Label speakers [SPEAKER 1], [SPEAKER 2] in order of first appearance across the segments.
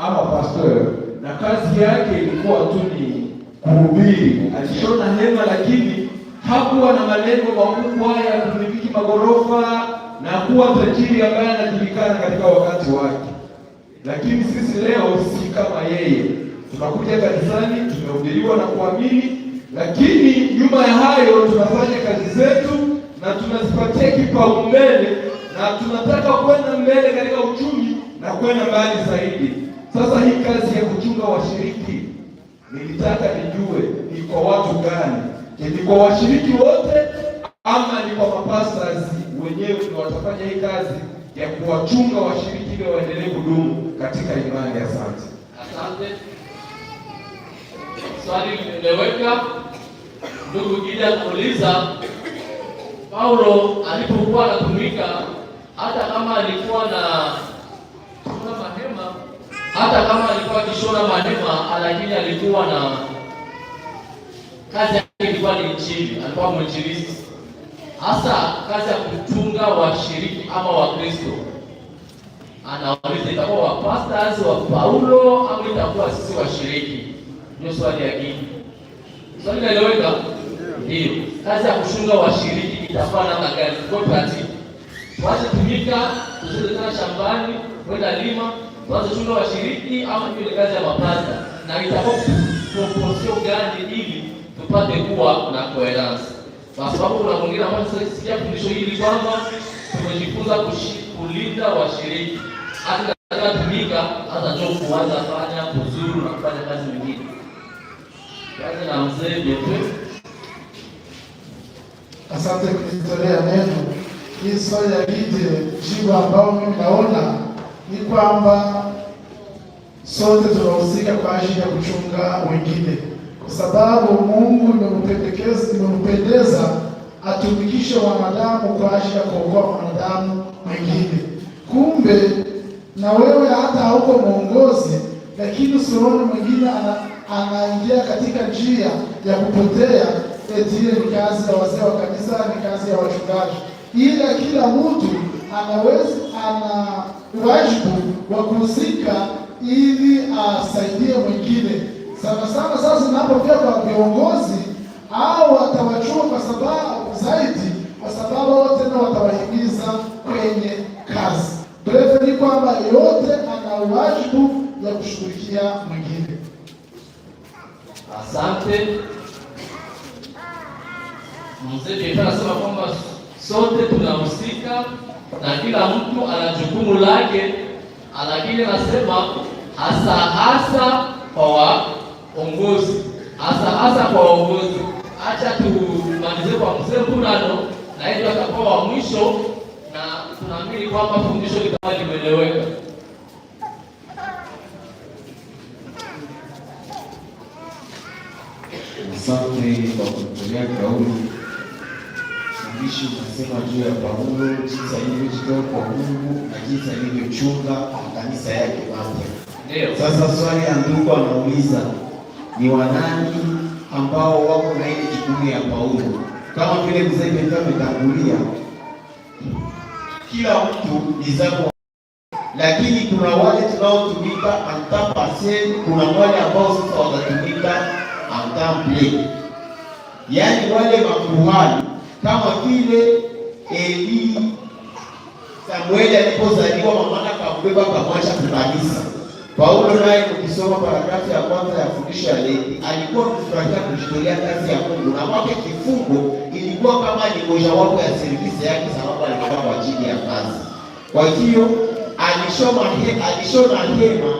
[SPEAKER 1] ama pastor na kazi yake ilikuwa tu ni kuhubiri. Alishona hema, lakini hakuwa na malengo makubwa ya kumiliki magorofa na kuwa tajiri ambaye anajulikana katika wakati wake. Lakini sisi leo si kama yeye, tunakuja kanisani, tumehubiriwa na kuamini, lakini nyuma ya hayo tunafanya kazi zetu na tunazipatia kipaumbele na tunataka kwenda mbele katika uchumi na kwenda mbali zaidi. Sasa hii kazi ya kuchunga washiriki nilitaka nijue ni kwa watu gani? Ni kwa washiriki wote ama ni kwa mapastors wenyewe ndio watafanya hii kazi ya kuwachunga washiriki ili waendelee kudumu katika imani? Asante,
[SPEAKER 2] asante. Swali limeweka Ndugu Gida kuuliza Paulo alipokuwa anatumika, hata kama alikuwa na hata kama alikuwa akishona manema, lakini alikuwa na kazi yake, ilikuwa ni injili, alikuwa mwinjilisti hasa, kazi ya kutunga washiriki ama Wakristo. Anauliza, itakuwa wapastors wa Paulo au itakuwa sisi washiriki? Ndio swali ya kiki. Swali linaeleweka? Ndio. Kazi ya kushunga washiriki itakuwa namna gani? Kwa practice. Wacha tumika, tusiende shambani, kwenda lima wanazoshule washiriki ama ile kazi ya mapaza na itakuwa proposio gani ili tupate kuwa na coherence, kwa sababu kuna mwingine ambaye sisikia fundisho hili kwamba tumejifunza kulinda washiriki, hata atakatumika hata njoo kuanza fanya kuzuru na kufanya kazi nyingine. Kazi na mzee Jeff,
[SPEAKER 3] asante kunitolea neno hii swali ya jibu ambao mimi naona ni kwamba sote tunahusika kwa ajili ya kuchunga wengine, kwa sababu Mungu imempendeza atumikishe wanadamu kwa ajili ya kuokoa wanadamu wengine. Kumbe na wewe hata hauko mwongozi, lakini usione mwingine anaingia katika njia ya kupotea, eti ile ni kazi ya wazee wa kanisa, ni kazi ya wachungaji, ila kila mtu anaweza ana wajibu wa kuhusika ili asaidie mwingine. Sana sana sasa tunapofika kwa viongozi au watawachua kwa sababu zaidi, kwa sababu wote watawaingiza kwenye kazi brefu. Ni kwamba yote ana wajibu ya kushughulikia mwingine.
[SPEAKER 2] Asante mzee, anasema kwamba sote tunahusika na kila mtu ana jukumu lake, lakini nasema hasa hasa kwa waongozi, hasa hasa kwa waongozi. Acha tumalize kwa mzee Mvurano na hiyo atakuwa wa mwisho, na tunaamini kwamba fundisho litakuwa limeeleweka.
[SPEAKER 4] Asante kwa kutolea kauli mwandishi unasema juu ya Paulo, jinsi alivyojitoa kwa Mungu na jinsi alivyochunga kanisa yake mapya. Sasa swali ya ndugu anauliza ni wanani ambao wako na ile jukumu ya Paulo? Kama vile mzee Petro ametangulia, kila mtu ni zako, lakini kuna wale tunaotumika anta kuna wale ambao sasa watatumika anta yani yaani wale makuhani kama vile Eli Samueli alipozaliwa mamana akambeba kamwacha kukanisa. Paulo naye ukisoma paragrafu ya kwanza ya fundisho ya Leki alikuwa kufurahia kujitolea kazi ya Mungu, na kwake kifungo ilikuwa kama ni mojawapo ya serivisi yake, sababu alikuwa kwa ajili ya kazi. Kwa hiyo alishona hema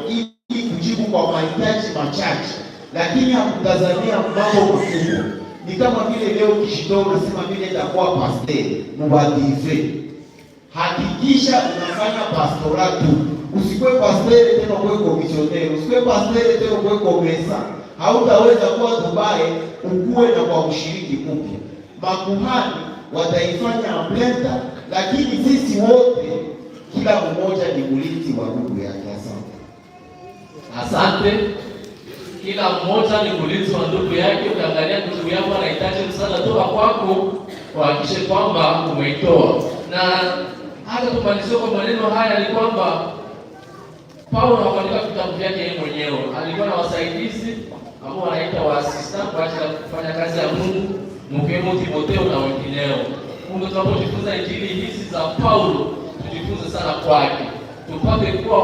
[SPEAKER 4] ili kujibu kwa mahitaji machache, lakini hakutazamia mambo makubwa. Ni kama vile leo kishitoa unasema mimi nitakuwa pastor, mubadize. Hakikisha unafanya pastoratu. Usikwe pastor tena uwe komisioneri, usikwe pastor tena uwe komesa. Hautaweza kuwa Dubai ukuwe na kwa ushiriki mpya. Makuhani wataifanya amleta, lakini sisi wote kila mmoja ni mlinzi wa ndugu yake. Asante,
[SPEAKER 2] asante. Kila mmoja ni kulinzi wa ndugu yake. Ukiangalia ndugu yako anahitaji msaada, toka kwako, uhakikishe kwamba umeitoa. Na hata tumalizie kwa maneno haya ni kwamba Paulo hakuandika vitabu vyake yeye mwenyewe, alikuwa na wasaidizi ambao wanaita waasista kwa ajili ya kufanya kazi ya Mungu, mkiwemo Timotheo na wengineo. Mungu, tunapojifunza injili hizi za Paulo tujifunze sana kwake, tupate kuwa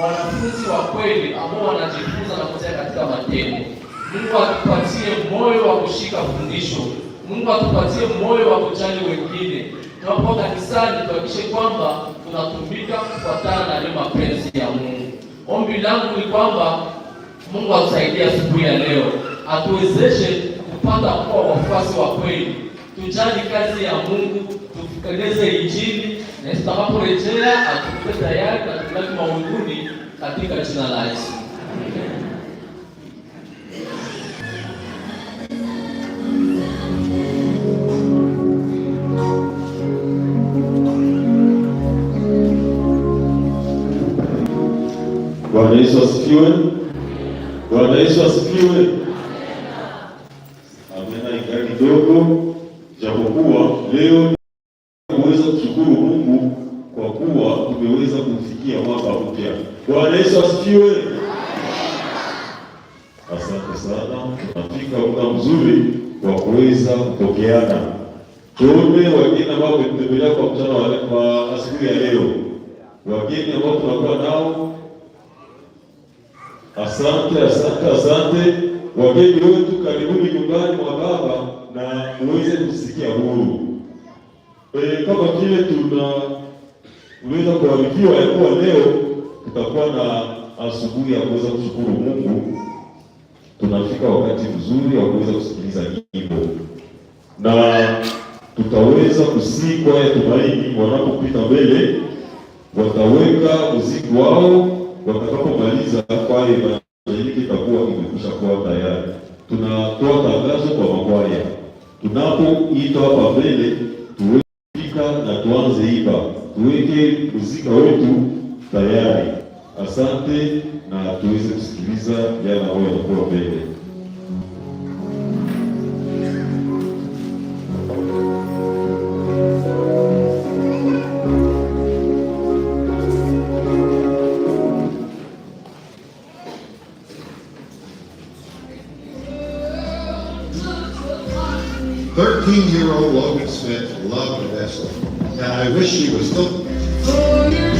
[SPEAKER 2] wanafunzi wa kweli ambao wanajifunza na kutia katika matendo. Mungu atupatie moyo wa kushika fundisho. Mungu atupatie moyo wa kujali wengine. Tunapo kanisani, tuhakikishe kwamba tunatumika kufuatana na ile mapenzi ya Mungu. Ombi langu ni kwamba Mungu atusaidie asubuhi ya leo, atuwezeshe kupata kuwa wafuasi wa kweli. Tujali kazi ya Mungu, tutekeleze Injili na Yesu atakaporejea atupe tayari na tupeleke mawinguni katika jina la Yesu.
[SPEAKER 4] Bwana Yesu asifiwe. Bwana Yesu asifiwe. Amena ingali kidogo, japokuwa leo wameweza kupokeana. Tuombe wageni ambao wametembelea kwa mchana wa kwa asubuhi ya leo, wageni ambao tunakuwa nao, asante, asante, asante. Wageni wetu, karibuni nyumbani mwa Baba na uweze kusikia huru e, kama vile tunaweza kuarifiwa ya kuwa leo tutakuwa na asubuhi ya kuweza kushukuru Mungu tunafika wakati mzuri wa kuweza kusikiliza nyimbo na tutaweza kusihi kwaya Tumaini wanapopita mbele, wataweka muziki wao. Watakapomaliza kwaya Evangeliki itakuwa imekwisha kuwa tayari. Tunatoa tangazo kwa makwaya, tunapoita hapa mbele, tuweke na tuanze iba, tuweke muziki wetu tayari. Asante na tuweze kusikiliza jana wao walikuwa mbele.
[SPEAKER 5] Thirteen-year-old Logan Smith loved the vessel. I wish she was still.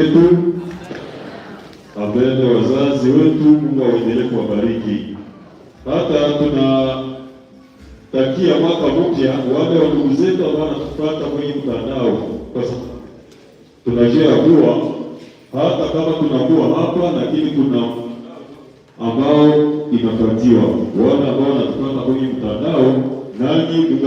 [SPEAKER 5] yetu, wapendwa wazazi wetu, Mungu aendelee kuwabariki. Hata tunatakia mwaka mpya wale wa ndugu zetu ambao wanatupata kwenye mtandao, kwa sababu tunajua kuwa hata kama tunakuwa hapa, lakini kuna ambao inafuatiwa, wale ambao wanatupata kwenye mtandao, nani Mungu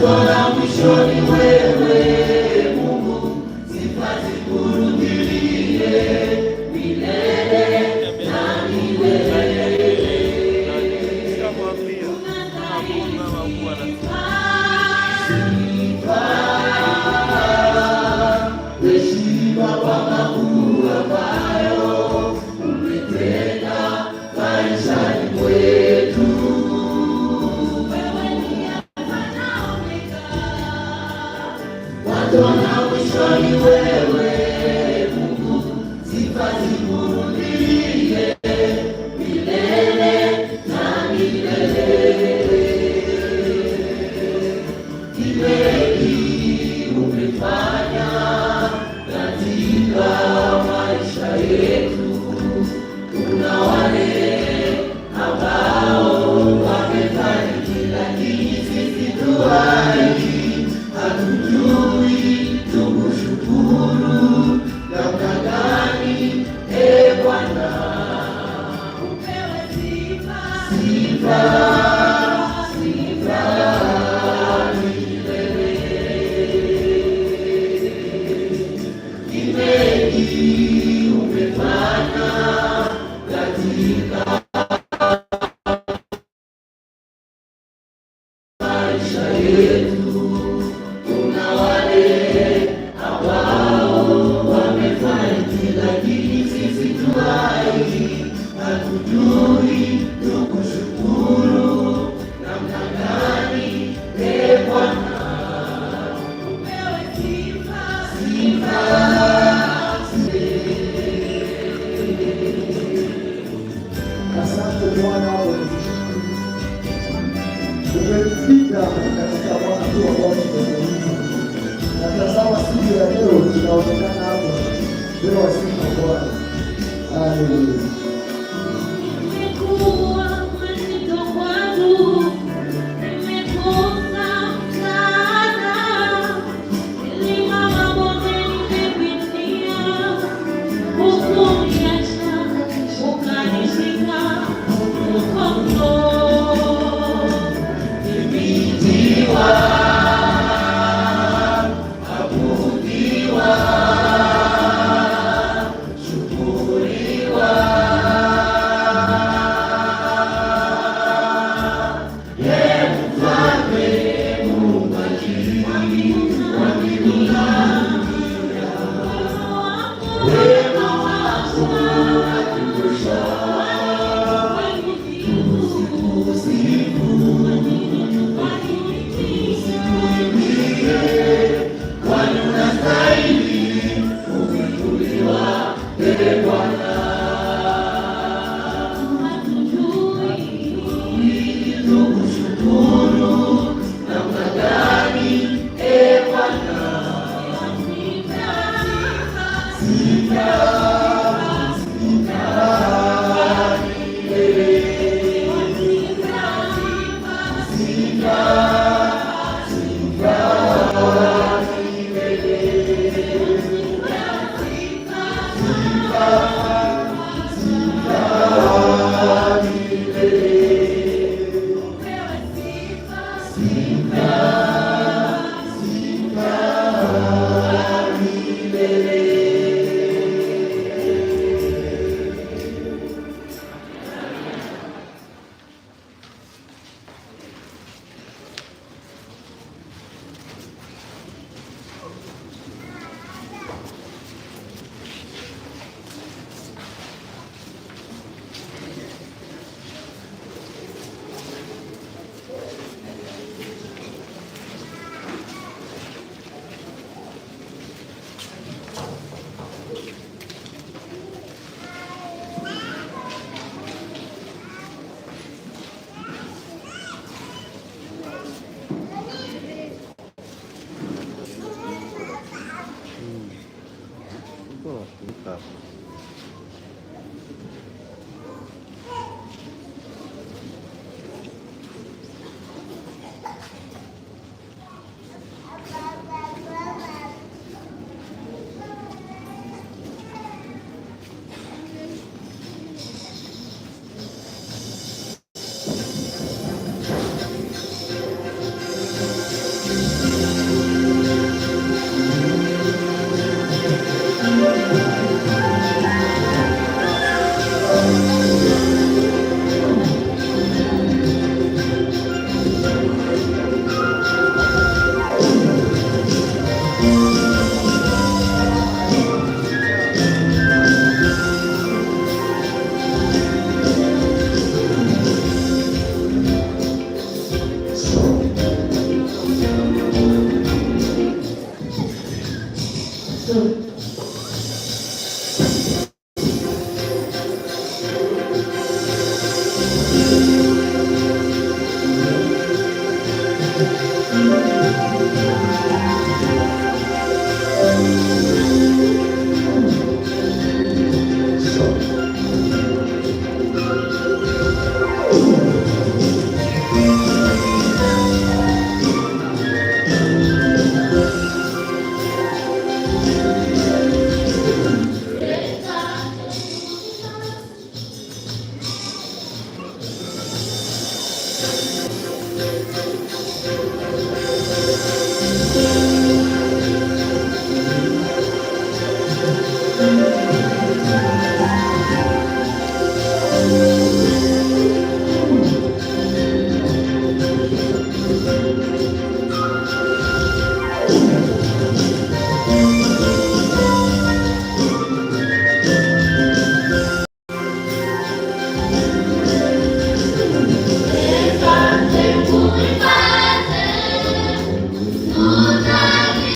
[SPEAKER 5] Bwana mwishoni wewe good